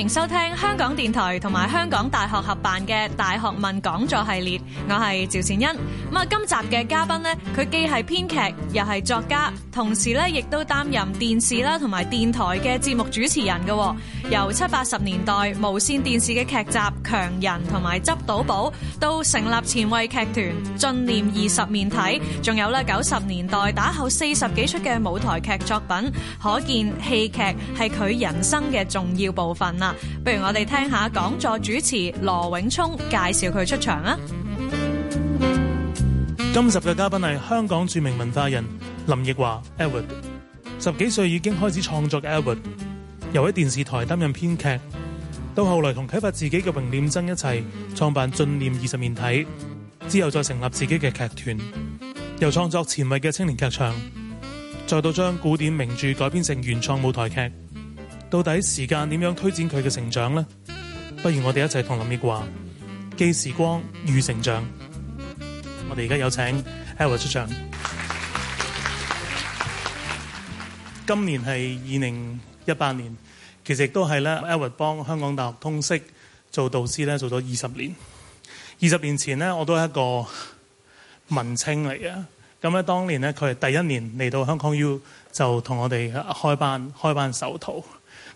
歡迎收聽香港電台同埋香港大學合辦嘅大學問講座系列，我係趙善欣。咁啊，今集嘅嘉賓咧，佢既係編劇，又係作家，同時咧亦都擔任電視啦同埋電台嘅節目主持人嘅。由七八十年代無綫電視嘅劇集《強人》同埋《執到寶》，到成立前衛劇團《進念二十面體》，仲有咧九十年代打後四十幾出嘅舞台劇作品，可見戲劇係佢人生嘅重要部分啦。不如我哋聽下講座主持羅永聰介紹佢出場啊！今集嘅嘉賓係香港著名文化人林奕華 Edward，十幾歲已經開始創作 Edward，由喺電視台擔任編劇，到後來同啟發自己嘅榮念曾一齊創辦《進念二十面體》，之後再成立自己嘅劇團，由創作前衛嘅青年劇場，再到將古典名著改編成原創舞台劇。到底時間點樣推展佢嘅成長呢？不如我哋一齊同林奕華既時光遇成長。我哋而家有請 Elvis 出場。今年係二零一八年，其實亦都係咧。Elvis 幫香港大學通識做導師咧，做咗二十年。二十年前呢，我都係一個文青嚟嘅。咁咧，當年咧，佢係第一年嚟到香港 U 就同我哋開班開班首徒。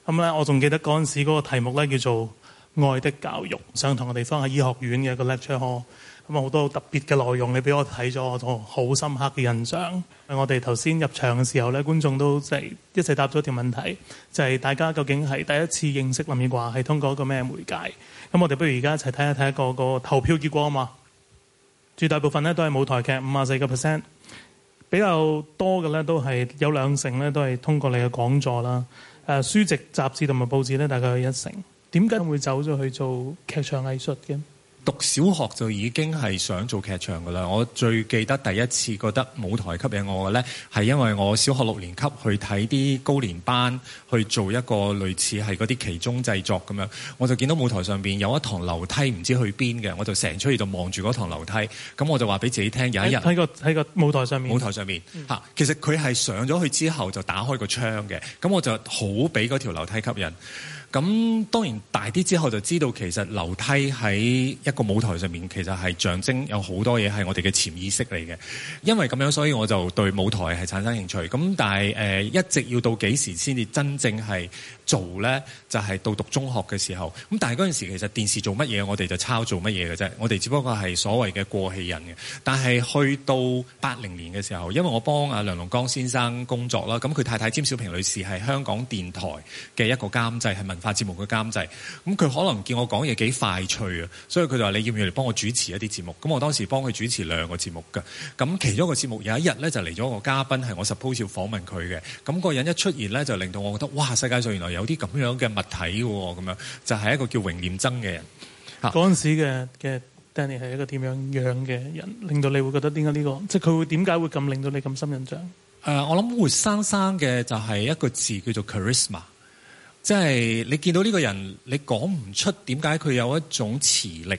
咁咧，我仲記得嗰陣時嗰個題目咧叫做《愛的教育》，上堂嘅地方係醫學院嘅一個 lecture hall。咁啊，好多特別嘅內容，你俾我睇咗，我就好深刻嘅印象。我哋頭先入場嘅時候咧，觀眾都即係一齊答咗條問題，就係、是、大家究竟係第一次認識林奕華，係通過一個咩媒介？咁我哋不如而家一齊睇一睇個一個投票結果啊嘛。絕大部分呢都係舞台劇，五啊四個 percent，比較多嘅咧都係有兩成呢都係通過你嘅講座啦。誒書籍、雜誌同埋報紙有大概一成。點解會走咗去做劇場藝術嘅？讀小學就已經係想做劇場㗎喇。我最記得第一次覺得舞台吸引我嘅咧，係因為我小學六年級去睇啲高年班，去做一個類似係嗰啲其中製作咁樣。我就見到舞台上邊有一堂樓梯，唔知去邊嘅，我就成出去就望住嗰堂樓梯。咁我就話俾自己聽，有一日喺個喺個舞台上面，舞台上面、嗯、其實佢係上咗去之後就打開個窗嘅。咁我就好俾嗰條樓梯吸引。咁當然大啲之後就知道，其實樓梯喺一個舞台上面，其實係象徵有好多嘢係我哋嘅潛意識嚟嘅。因為咁樣，所以我就對舞台係產生興趣。咁但係誒、呃、一直要到幾時先至真正係做咧？就係、是、到讀中學嘅時候。咁但係嗰陣時其實電視做乜嘢，我哋就抄做乜嘢嘅啫。我哋只不過係所謂嘅過氣人嘅。但係去到八零年嘅時候，因為我幫阿梁龍江先生工作啦，咁佢太太詹小平女士係香港電台嘅一個監製，係問。拍節目嘅監製，咁、嗯、佢可能見我講嘢幾快脆啊，所以佢就話：你要唔要嚟幫我主持一啲節目？咁我當時幫佢主持兩個節目嘅。咁其中一個節目有一日咧，就嚟咗個嘉賓係我 suppose 訪問佢嘅。咁、那個人一出現咧，就令到我覺得：哇！世界上原來有啲咁樣嘅物體嘅、啊、咁樣，就係、是、一個叫榮念曾嘅人。嗰陣時嘅嘅 Danny 係一個點樣樣嘅人，令到你會覺得點解呢個？即係佢會點解會咁令到你咁深印象？誒、呃，我諗活生生嘅就係一個字叫做 charisma。即係你見到呢個人，你講唔出點解佢有一種磁力，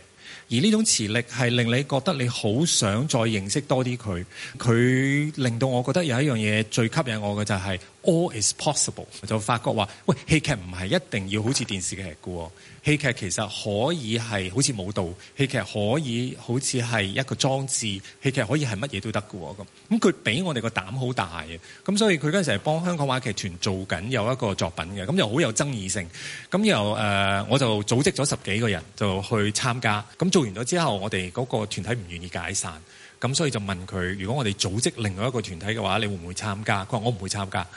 而呢種磁力係令你覺得你好想再認識多啲佢。佢令到我覺得有一樣嘢最吸引我嘅就係。All is possible 就發覺話，喂，戲劇唔係一定要好似電視劇嘅喎，戲劇其實可以係好似舞蹈，戲劇可以好似係一個裝置，戲劇可以係乜嘢都得嘅喎，咁咁佢俾我哋個膽好大嘅，咁所以佢嗰陣時係幫香港話劇團做緊有一個作品嘅，咁又好有爭議性，咁又誒我就組織咗十幾個人就去參加，咁做完咗之後，我哋嗰個團體唔願意解散。咁所以就問佢，如果我哋組織另外一個團體嘅話，你會唔會參加？佢話我唔會參加，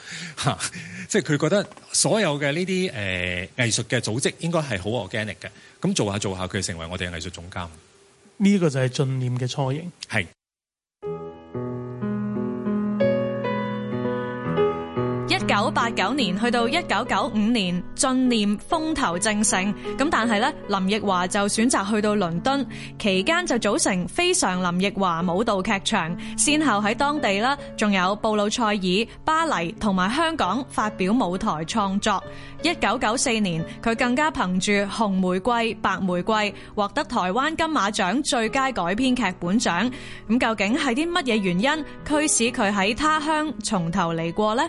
即係佢覺得所有嘅呢啲誒藝術嘅組織應該係好 organic 嘅。咁做下做下，佢就成為我哋嘅藝術總監。呢、這個就係進念嘅初型。係。九八九年去到一九九五年，進念風頭正盛，咁，但係呢，林奕華就選擇去到倫敦期間就組成非常林奕華舞蹈劇場，先後喺當地啦，仲有布魯塞爾、巴黎同埋香港發表舞台創作。一九九四年，佢更加憑住《紅玫瑰》《白玫瑰》獲得台灣金馬獎最佳改編劇本獎。咁究竟係啲乜嘢原因驅使佢喺他鄉從頭嚟過呢？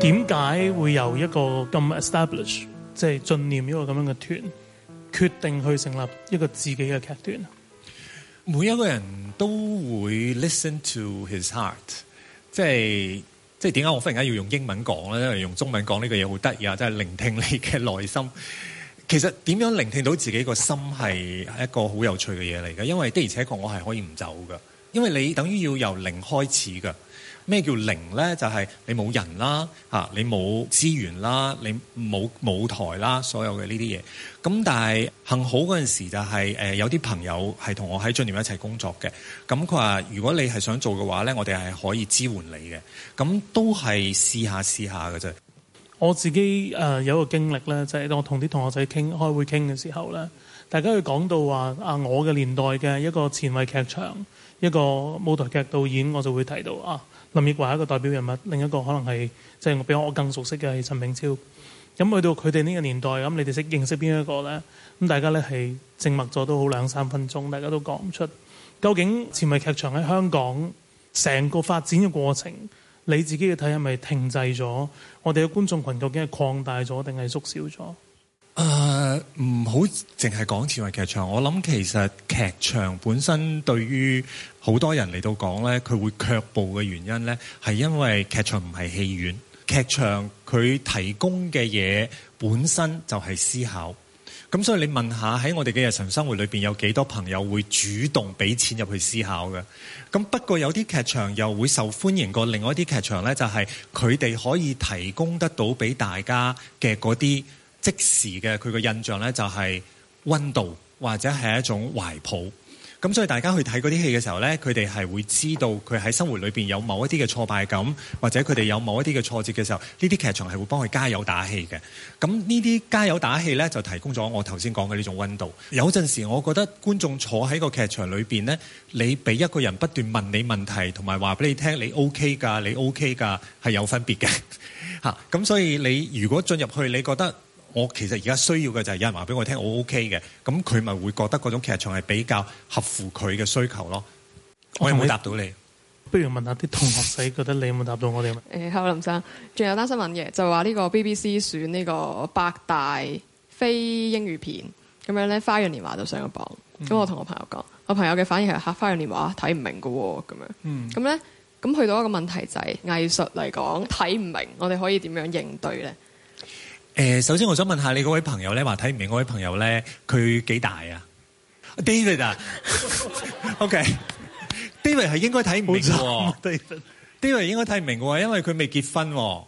點解會有一個咁 establish，即係進念一個咁樣嘅團，決定去成立一個自己嘅劇團？每一個人都會 listen to his heart，即係即係點解我忽然間要用英文講咧？因為用中文講呢個嘢，好得意啊！即係聆聽你嘅內心。其實點樣聆聽到自己個心係一個好有趣嘅嘢嚟嘅，因為的而且確我係可以唔走噶，因為你等於要由零開始噶。咩叫零咧？就係、是、你冇人啦，嚇你冇資源啦，你冇舞台啦，所有嘅呢啲嘢。咁但係幸好嗰陣時就係誒有啲朋友係同我喺進念一齊工作嘅。咁佢話：如果你係想做嘅話咧，我哋係可以支援你嘅。咁都係試下試下嘅啫。我自己誒有個經歷咧，就係、是、我同啲同學仔傾開會傾嘅時候咧。大家去講到話啊，我嘅年代嘅一個前衛劇場，一個舞台劇導演，我就會提到啊，林奕華一個代表人物，另一個可能係即係我比我更熟悉嘅係陳炳超。咁去到佢哋呢個年代，咁你哋識認識邊一個呢？咁大家呢係靜默咗都好兩三分鐘，大家都講唔出。究竟前衛劇場喺香港成個發展嘅過程，你自己去睇係咪停滯咗？我哋嘅觀眾群究竟係擴大咗定係縮小咗？誒，唔好淨係講前衞劇場，我諗其實劇場本身對於好多人嚟到講呢，佢會卻步嘅原因呢，係因為劇場唔係戲院，劇場佢提供嘅嘢本身就係思考。咁所以你問下喺我哋嘅日常生活裏邊，有幾多朋友會主動俾錢入去思考嘅？咁不過有啲劇場又會受歡迎過另外一啲劇場呢，就係佢哋可以提供得到俾大家嘅嗰啲。即時嘅佢個印象呢，就係溫度或者係一種懷抱。咁所以大家去睇嗰啲戲嘅時候呢，佢哋係會知道佢喺生活裏面有某一啲嘅挫敗感，或者佢哋有某一啲嘅挫折嘅時候，呢啲劇場係會幫佢加油打氣嘅。咁呢啲加油打氣呢，就提供咗我頭先講嘅呢種溫度。有陣時，我覺得觀眾坐喺個劇場裏面呢，你俾一個人不斷問你問題，同埋話俾你聽你 OK 㗎，你 OK 㗎，係有分別嘅。嚇！咁所以你如果進入去，你覺得我其實而家需要嘅就係有人話俾我聽，我 OK 嘅，咁佢咪會覺得嗰種劇場係比較合乎佢嘅需求咯。我，我有冇答到你？不如問下啲同學仔，覺得你有冇答到我哋？誒、 嗯，好、嗯，林生，仲有單新聞嘅，就話呢個 BBC 選呢個百大非英語片，咁樣咧《花樣年華》就上咗榜。咁、嗯、我同我朋友講，我朋友嘅反應係嚇，《花樣年華》睇唔明嘅喎，咁樣。嗯。咁咧，咁去到一個問題就係、是、藝術嚟講睇唔明，我哋可以點樣應對咧？誒，首先我想問下你嗰位朋友咧，話睇唔明嗰位朋友咧，佢幾大啊？David 啊，OK，David 係應該睇唔明嘅喎，David，David 應該睇明嘅喎，因為佢未結婚喎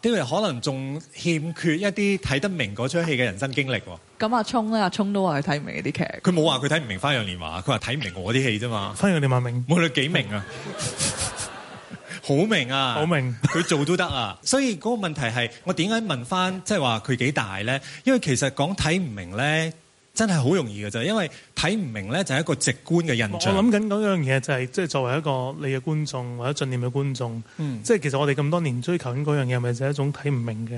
，David 可能仲欠缺一啲睇得明嗰出戲嘅人生經歷喎。咁阿聰咧，阿聰都話佢睇唔明啲劇，佢冇話佢睇唔明《花樣年華》，佢話睇唔明我啲戲啫嘛，《花樣年華》明冇論幾明啊。 好明啊！好明，佢做都得啊！ 所以嗰個問題係，我點解問翻即係話，佢幾大咧？因為其實講睇唔明咧，真係好容易嘅就係因為睇唔明咧，就係一個直觀嘅印象。我諗緊嗰樣嘢就係，即係作為一個你嘅觀眾或者進念嘅觀眾，嗯，即係其實我哋咁多年追求緊嗰樣嘢，係咪就係一種睇唔明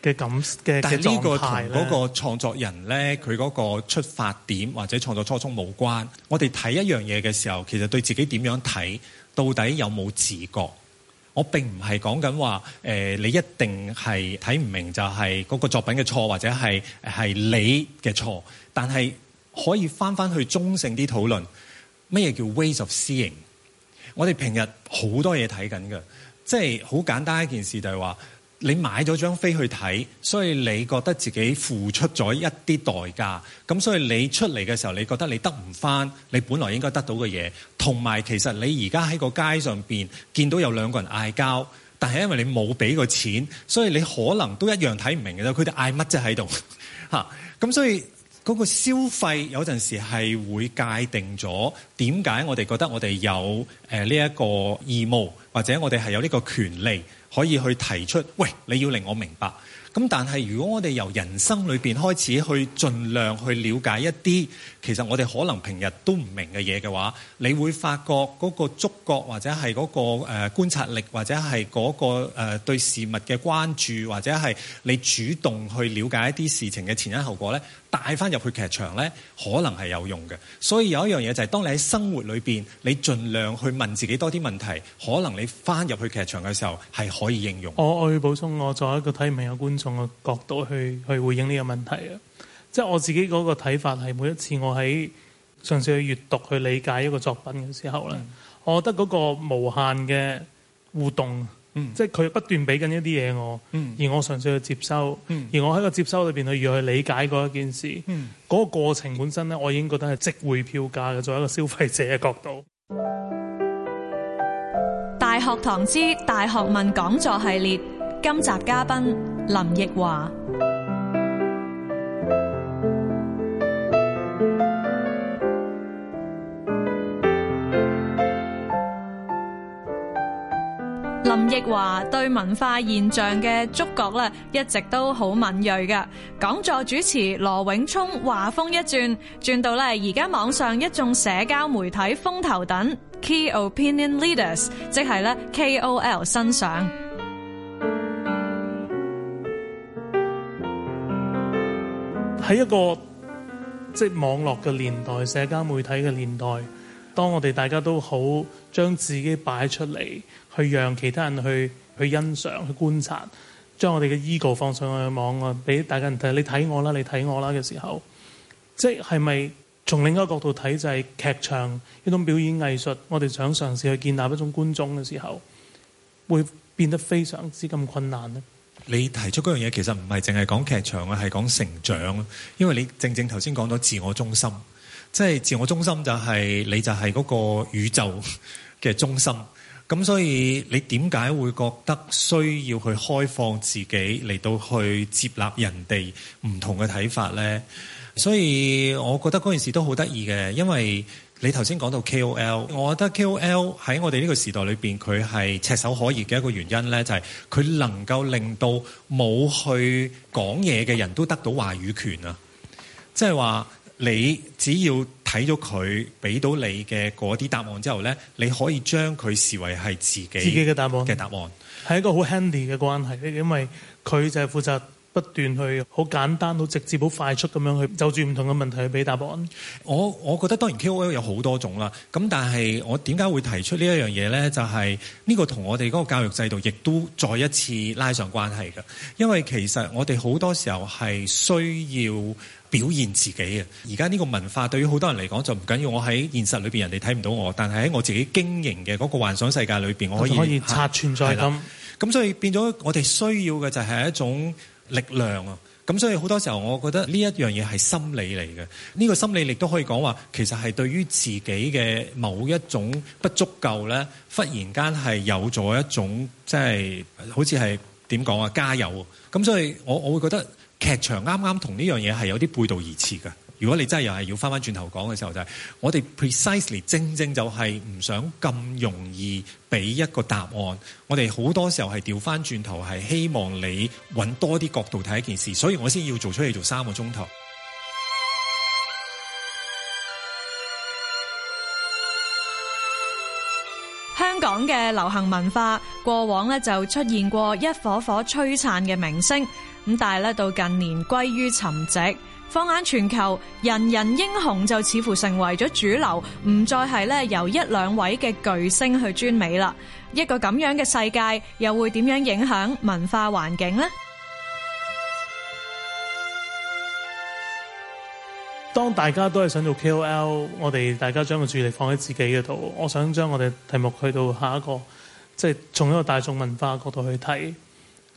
嘅嘅感嘅？但係呢個同嗰個創作人咧，佢嗰個出發點或者創作初衷冇關，我哋睇一樣嘢嘅時候，其實對自己點樣睇？到底有冇自覺？我並唔係講緊話，誒、呃、你一定係睇唔明就係嗰個作品嘅錯，或者係係你嘅錯。但係可以返返去中性啲討論，乜嘢叫 ways of seeing？我哋平日好多嘢睇緊嘅，即係好簡單一件事就係、是、話。你買咗張飛去睇，所以你覺得自己付出咗一啲代價，咁所以你出嚟嘅時候，你覺得你得唔翻你本來應該得到嘅嘢，同埋其實你而家喺個街上邊見到有兩個人嗌交，但係因為你冇俾個錢，所以你可能都一樣睇唔明嘅。佢哋嗌乜啫喺度嚇？咁 所以嗰、那個消費有陣時係會界定咗點解我哋覺得我哋有誒呢一個義務，或者我哋係有呢個權利。可以去提出，喂，你要令我明白。咁但係如果我哋由人生裏邊開始去盡量去了解一啲，其實我哋可能平日都唔明嘅嘢嘅話，你會發覺嗰個觸覺或者係嗰個誒觀察力，或者係嗰個誒對事物嘅關注，或者係你主動去了解一啲事情嘅前因後果咧。帶翻入去劇場呢，可能係有用嘅。所以有一樣嘢就係、是，當你喺生活裏邊，你盡量去問自己多啲問題，可能你翻入去劇場嘅時候係可以應用我。我去要補充，我作為一個睇唔明嘅觀眾嘅角度去去回應呢個問題啊。即、就、係、是、我自己嗰個睇法係每一次我喺上次去閱讀去理解一個作品嘅時候呢、嗯、我覺得嗰個無限嘅互動。嗯、即係佢不斷俾緊一啲嘢我、嗯，而我純粹去接收，嗯、而我喺個接收裏邊去如何去理解嗰一件事，嗰、嗯那個過程本身咧，我已經覺得係值回票價嘅，作為一個消費者嘅角度。大學堂之大學問講座系列，今集嘉賓林奕華。奕華對文化現象嘅觸覺咧，一直都好敏銳嘅。講座主持羅永聰話風一轉，轉到咧而家網上一眾社交媒體風頭等 Key Opinion Leaders，即係咧 KOL 身上。喺一個即係、就是、網絡嘅年代，社交媒體嘅年代，當我哋大家都好將自己擺出嚟，去讓其他人去去欣賞、去觀察，將我哋嘅 ego 放上去網啊！俾大家人睇，你睇我啦，你睇我啦嘅時候，即係咪從另一個角度睇，就係劇場一種表演藝術，我哋想嘗試去建立一種觀眾嘅時候，會變得非常之咁困難呢。你提出嗰樣嘢，其實唔係淨係講劇場啊，係講成長。因為你正正頭先講到自我中心，即係自我中心就係你就係嗰個宇宙嘅中心。咁所以你點解會覺得需要去開放自己嚟到去接納人哋唔同嘅睇法呢？所以我覺得嗰件事都好得意嘅，因為你頭先講到 KOL，我覺得 KOL 喺我哋呢個時代裏面，佢係炙手可熱嘅一個原因呢，就係佢能夠令到冇去講嘢嘅人都得到話語權啊！即係話。你只要睇咗佢俾到你嘅嗰啲答案之後咧，你可以將佢視為係自己自己嘅答案，嘅答案，係一個好 handy 嘅關係，因為佢就係負責。不斷去好簡單、好直接、好快速咁樣去就住唔同嘅問題去俾答案。我我覺得當然 KOL 有好多種啦。咁但係我點解會提出呢一樣嘢呢？就係、是、呢個同我哋嗰個教育制度亦都再一次拉上關係嘅。因為其實我哋好多時候係需要表現自己嘅。而家呢個文化對於好多人嚟講就唔緊要。我喺現實裏面人哋睇唔到我，但係喺我自己經營嘅嗰個幻想世界裏面，我可以可以拆存在感咁。咁、啊、所以變咗我哋需要嘅就係一種。力量啊，咁所以好多時候，我覺得呢一樣嘢係心理嚟嘅。呢個心理亦都可以講話，其實係對於自己嘅某一種不足夠咧，忽然間係有咗一種即係好似係點講啊，加油！咁所以我我會覺得劇場啱啱同呢樣嘢係有啲背道而馳嘅。如果你真係又係要翻翻轉頭講嘅時候，就係、是、我哋 precisely 正正就係唔想咁容易俾一個答案。我哋好多時候係調翻轉頭，係希望你揾多啲角度睇一件事，所以我先要做出嚟做三個鐘頭。香港嘅流行文化過往呢，就出現過一顆顆璀璨嘅明星，咁但係咧到近年歸於沉寂。放眼全球，人人英雄就似乎成為咗主流，唔再係咧由一兩位嘅巨星去專美啦。一個咁樣嘅世界，又會點樣影響文化環境呢？當大家都係想做 KOL，我哋大家將個注意力放喺自己嗰度。我想將我哋題目去到下一個，即係從一個大眾文化角度去睇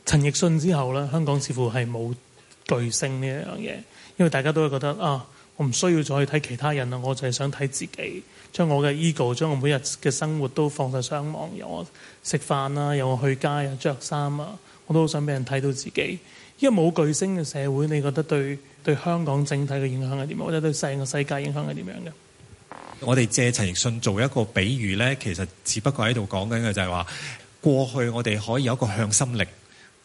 陳奕迅之後咧，香港似乎係冇巨星呢一樣嘢。因為大家都會覺得啊，我唔需要再去睇其他人啦，我就係想睇自己，將我嘅 ego，將我每日嘅生活都放晒上網，有我食飯啦，有我去街啊，着衫啊，我都好想畀人睇到自己。依個冇巨星嘅社會，你覺得對對香港整體嘅影響係點？或者對成個世界影響係點樣嘅？我哋借陳奕迅做一個比喻呢，其實只不過喺度講緊嘅就係話，過去我哋可以有一個向心力。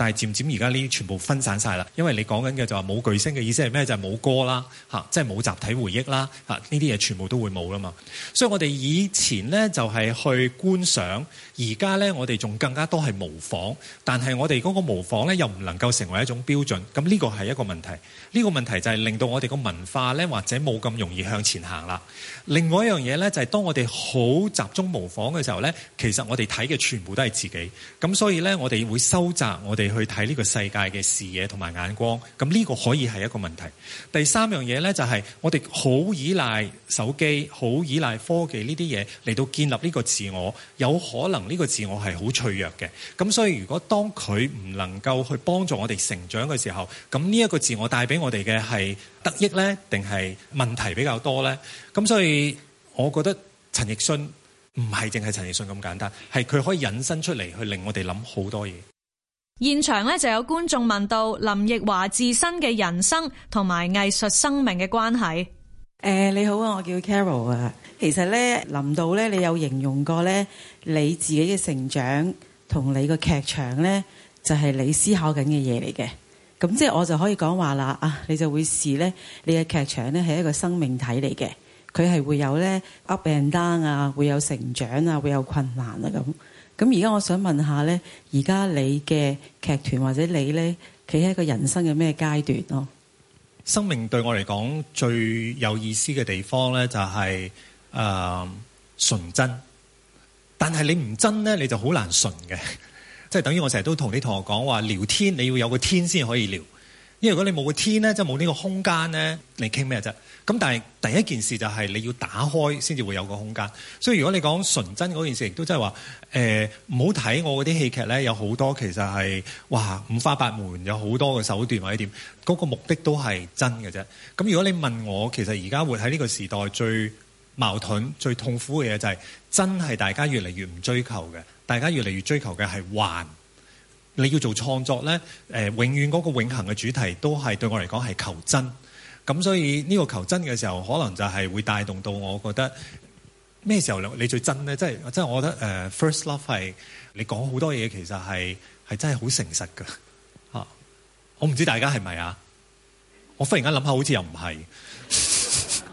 但係漸漸而家呢啲全部分散晒啦，因為你講緊嘅就話冇巨星嘅意思係咩？就係冇歌啦，嚇，即係冇集體回憶啦，嚇，呢啲嘢全部都會冇噶嘛。所以我哋以前呢，就係去觀賞，而家呢，我哋仲更加多係模仿，但係我哋嗰個模仿呢，又唔能夠成為一種標準，咁呢個係一個問題。呢個問題就係令到我哋個文化呢，或者冇咁容易向前行啦。另外一樣嘢呢，就係當我哋好集中模仿嘅時候呢，其實我哋睇嘅全部都係自己，咁所以呢，我哋會收集我哋，去睇呢個世界嘅視野同埋眼光，咁呢個可以係一個問題。第三樣嘢咧，就係我哋好依賴手機，好依賴科技呢啲嘢嚟到建立呢個自我，有可能呢個自我係好脆弱嘅。咁所以，如果當佢唔能夠去幫助我哋成長嘅時候，咁呢一個自我帶俾我哋嘅係得益咧，定係問題比較多咧？咁所以，我覺得陳奕迅唔係淨係陳奕迅咁簡單，係佢可以引申出嚟去令我哋諗好多嘢。現場咧就有觀眾問到林奕華自身嘅人生同埋藝術生命嘅關係。誒、呃，你好啊，我叫 Carol 啊。其實咧，林導咧，你有形容過咧，你自己嘅成長同你個劇場咧，就係、是、你思考緊嘅嘢嚟嘅。咁即係我就可以講話啦啊，你就會視咧你嘅劇場咧係一個生命體嚟嘅，佢係會有咧 up and down 啊，會有成長啊，會有困難啊咁。咁而家我想問下咧，而家你嘅劇團或者你咧，企喺一個人生嘅咩階段咯？生命對我嚟講最有意思嘅地方咧、就是，就係誒純真。但係你唔真咧，你就好難純嘅。即、就、係、是、等於我成日都同啲同學講話，聊天你要有個天先可以聊。因為如果你冇個天咧，就冇呢個空間咧，你傾咩啫？咁但係第一件事就係你要打開先至會有個空間。所以如果你講純真嗰件事，亦都即係話誒，唔好睇我嗰啲戲劇咧，有好多其實係哇五花八門，有好多嘅手段或者點，嗰個目的都係真嘅啫。咁如果你問我，其實而家活喺呢個時代最矛盾、最痛苦嘅嘢就係真係大家越嚟越唔追求嘅，大家越嚟越追求嘅係幻。你要做創作咧，永遠嗰個永恆嘅主題都係對我嚟講係求真，咁所以呢個求真嘅時候，可能就係會帶動到我覺得咩時候你最真咧？即係即係我覺得、uh, First Love 係你講好多嘢，其實係真係好誠實噶、吓、我唔知大家係咪啊？我忽然間諗下，好似又唔係，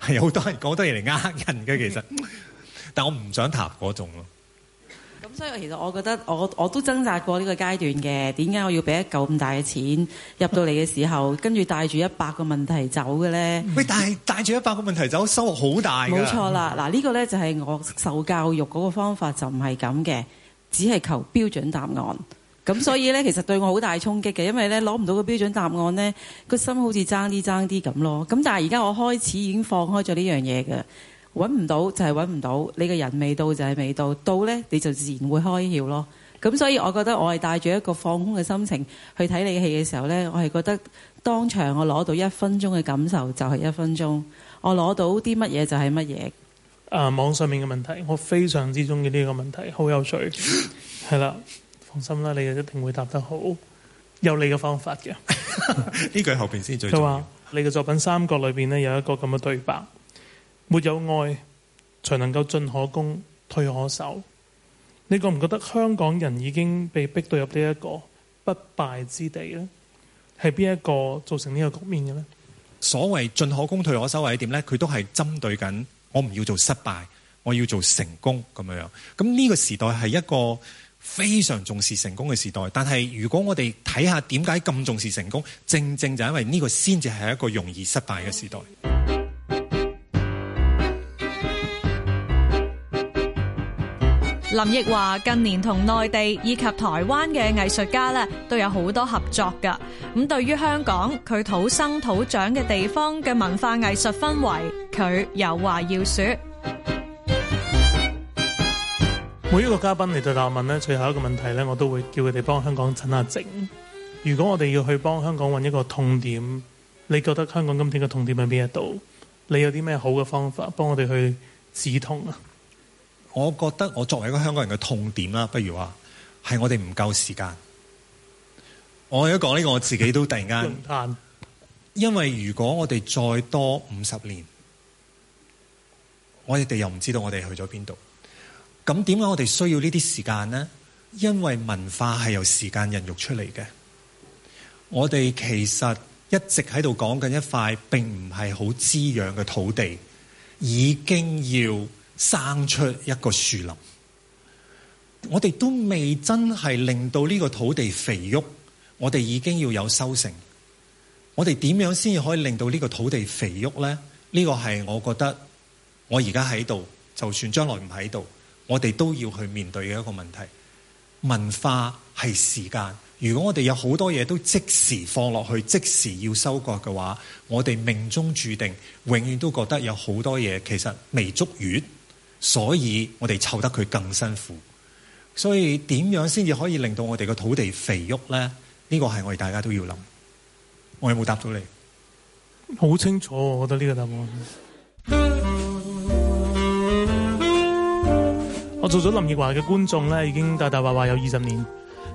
係 好多人講多嘢嚟呃人嘅，其實，但我唔想談嗰種咯。咁所以其實我覺得我我都掙扎過呢個階段嘅，點解我要俾一嚿咁大嘅錢入到嚟嘅時候，跟住帶住一百個問題走嘅咧？喂！但係帶住一百個問題走，收穫好大。冇錯啦，嗱呢個咧就係我受教育嗰個方法就唔係咁嘅，只係求標準答案。咁所以咧，其實對我好大衝擊嘅，因為咧攞唔到個標準答案咧，個心好似爭啲爭啲咁咯。咁但係而家我開始已經放開咗呢樣嘢嘅。揾唔到就係揾唔到，你個人未到就係未到，到呢，你就自然會開竅咯。咁所以，我覺得我係帶住一個放空嘅心情去睇你嘅戲嘅時候呢，我係覺得當場我攞到一分鐘嘅感受就係一分鐘，我攞到啲乜嘢就係乜嘢。誒、啊、網上面嘅問題，我非常之中意呢個問題，好有趣。係 啦，放心啦，你一定會答得好，有你嘅方法嘅。呢 句後邊先最重要。你嘅作品《三角》裏邊呢，有一個咁嘅對白。沒有愛，才能夠進可攻退可守。你覺唔覺得香港人已經被逼到入呢一個不敗之地呢？係邊一個造成呢個局面嘅呢？所謂進可攻退可守係點呢？佢都係針對緊我唔要做失敗，我要做成功咁樣樣。咁呢個時代係一個非常重視成功嘅時代。但係如果我哋睇下點解咁重視成功，正正就係因為呢個先至係一個容易失敗嘅時代。嗯林奕華近年同內地以及台灣嘅藝術家咧都有好多合作噶。咁對於香港，佢土生土長嘅地方嘅文化藝術氛圍，佢有話要說。每一個嘉賓嚟到答問咧，最後一個問題咧，我都會叫佢哋幫香港診下症。如果我哋要去幫香港揾一個痛點，你覺得香港今天嘅痛點喺邊一度？你有啲咩好嘅方法幫我哋去止痛啊？我覺得我作為一個香港人嘅痛點啦，不如話係我哋唔夠時間。我一講呢個，我自己都突然間， 因為如果我哋再多五十年，我哋又唔知道我哋去咗邊度。咁點解我哋需要呢啲時間呢？因為文化係由時間孕育出嚟嘅。我哋其實一直喺度講緊一塊並唔係好滋養嘅土地，已經要。生出一個樹林，我哋都未真係令到呢個土地肥沃，我哋已經要有收成。我哋點樣先至可以令到呢個土地肥沃呢？呢、呢個係我覺得我而家喺度，就算將來唔喺度，我哋都要去面對嘅一個問題。文化係時間，如果我哋有好多嘢都即時放落去，即時要收割嘅話，我哋命中注定永遠都覺得有好多嘢其實未足月。所以我哋湊得佢更辛苦，所以點樣先至可以令到我哋嘅土地肥沃咧？呢個係我哋大家都要諗。我有冇答到你？好清楚，我覺得呢個答案。 我做咗林奕華嘅觀眾咧，已經大大話話有二十年。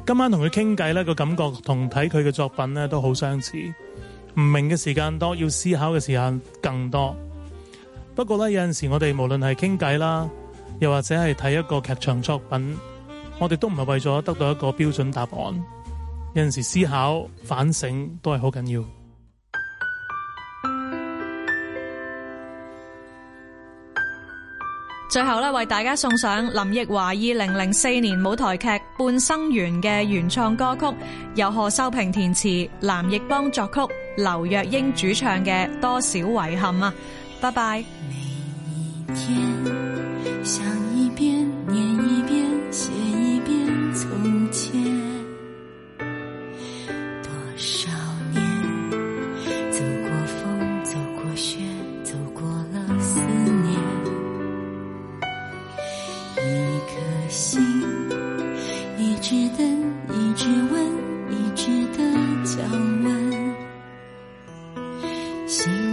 今晚同佢傾偈咧，個感覺同睇佢嘅作品咧都好相似。唔明嘅時間多，要思考嘅時間更多。不過咧，有陣時我哋無論係傾偈啦，又或者係睇一個劇場作品，我哋都唔係為咗得到一個標準答案。有陣時思考反省都係好緊要。最後咧，為大家送上林奕華二零零四年舞台劇《半生緣》嘅原創歌曲，由何秀萍填詞、藍奕邦作曲、劉若英主唱嘅《多少遺憾》啊！拜拜。